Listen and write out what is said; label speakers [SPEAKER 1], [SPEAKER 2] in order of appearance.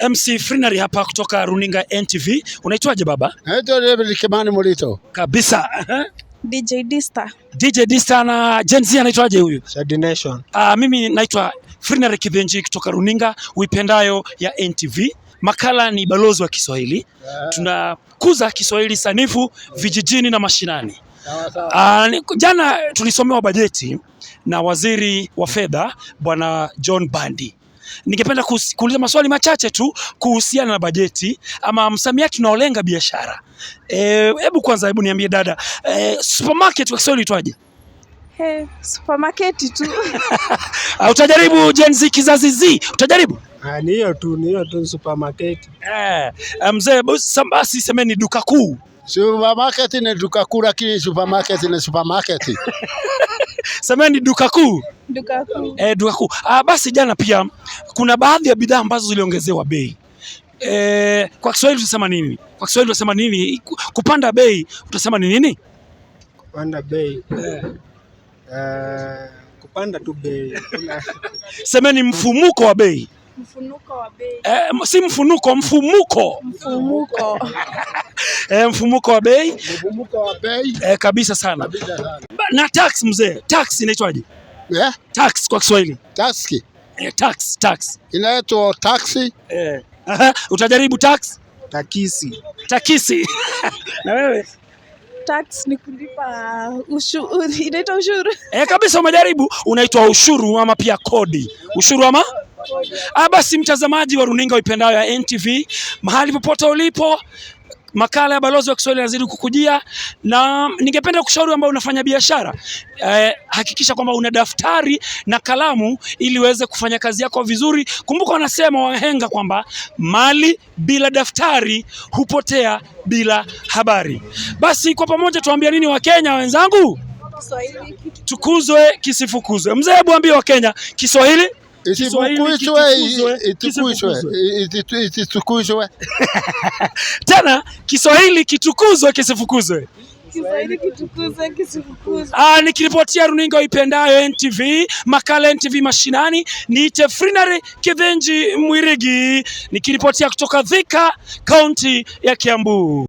[SPEAKER 1] MC Frinary hapa kutoka Runinga NTV. Unaitwaje baba?
[SPEAKER 2] Naitwa David Kimani Mulito.
[SPEAKER 1] Kabisa.
[SPEAKER 3] DJ Dista.
[SPEAKER 1] DJ Dista na Gen Z anaitwaje huyu?
[SPEAKER 2] Shady Nation.
[SPEAKER 1] Ah, mimi naitwa Frinary Kibenji kutoka Runinga uipendayo ya NTV. Makala ni balozi wa Kiswahili. Yeah. Tunakuza Kiswahili sanifu vijijini na mashinani. Sawa, uh, jana tulisomewa bajeti na waziri wa fedha Bwana John Bandi ningependa kuuliza maswali machache tu kuhusiana na bajeti ama msamiati unaolenga biashara. Eh, hebu e, kwanza hebu niambie dada, e, supermarket kwa Kiswahili itwaje?
[SPEAKER 3] Hey, supermarket tu.
[SPEAKER 1] Ah, utajaribu Gen Z kizazi Z? Utajaribu?
[SPEAKER 2] Ah, Ni hiyo tu, ni hiyo tu supermarket.
[SPEAKER 1] Eh, eh mzee basi semeni duka kuu.
[SPEAKER 2] Supermarket ni duka kuu lakini supermarket ni supermarket.
[SPEAKER 1] Semeni duka kuu
[SPEAKER 3] duka kuu
[SPEAKER 1] Eh, duka kuu. Ah, Basi jana pia kuna baadhi ya bidhaa ambazo ziliongezewa bei Eh, kwa Kiswahili tunasema nini? Kwa Kiswahili tunasema nini? Kupanda bei utasema ni nini?
[SPEAKER 2] Kupanda bei eh. eh kupanda tu bei
[SPEAKER 1] semeni mfumuko wa bei
[SPEAKER 3] mfumuko wa bei
[SPEAKER 1] eh, si mfunuko mfumuko
[SPEAKER 3] mfumuko
[SPEAKER 1] eh, mfumuko wa bei
[SPEAKER 2] mfumuko wa bei
[SPEAKER 1] eh, kabisa sana, kabisa sana. Na tax mzee, tax inaitwaje? yeah? Tax kwa Kiswahili tax eh, tax tax
[SPEAKER 2] inaitwa taxi
[SPEAKER 1] eh. Aha, utajaribu tax
[SPEAKER 2] takisi
[SPEAKER 1] takisi na
[SPEAKER 3] wewe tax ni kulipa uh, ushuru, uh, inaitwa ushuru
[SPEAKER 1] eh, kabisa. Umejaribu, unaitwa ushuru ama pia kodi, ushuru ama ah, basi mtazamaji wa runinga uipendayo ya NTV mahali popote ulipo, Makala ya Balozi wa Kiswahili yanazidi kukujia, na ningependa kushauri ambao unafanya biashara eh, hakikisha kwamba una daftari na kalamu ili uweze kufanya kazi yako vizuri. Kumbuka wanasema wahenga kwamba mali bila daftari hupotea bila habari. Basi kwa pamoja tuambia nini Wakenya wenzangu?
[SPEAKER 3] Kiswahili
[SPEAKER 1] tukuzwe kisifukuzwe. Mzee, hebu ambie Wakenya Kiswahili
[SPEAKER 2] isitukuzwe
[SPEAKER 1] tena, Kiswahili
[SPEAKER 3] kitukuzwe kisifukuzwe.
[SPEAKER 1] Ah, nikiripotia runinga ipendayo NTV, makala NTV mashinani, niite Frinary Kivenji Mwirigi nikiripotia kutoka Thika, kaunti ya Kiambu.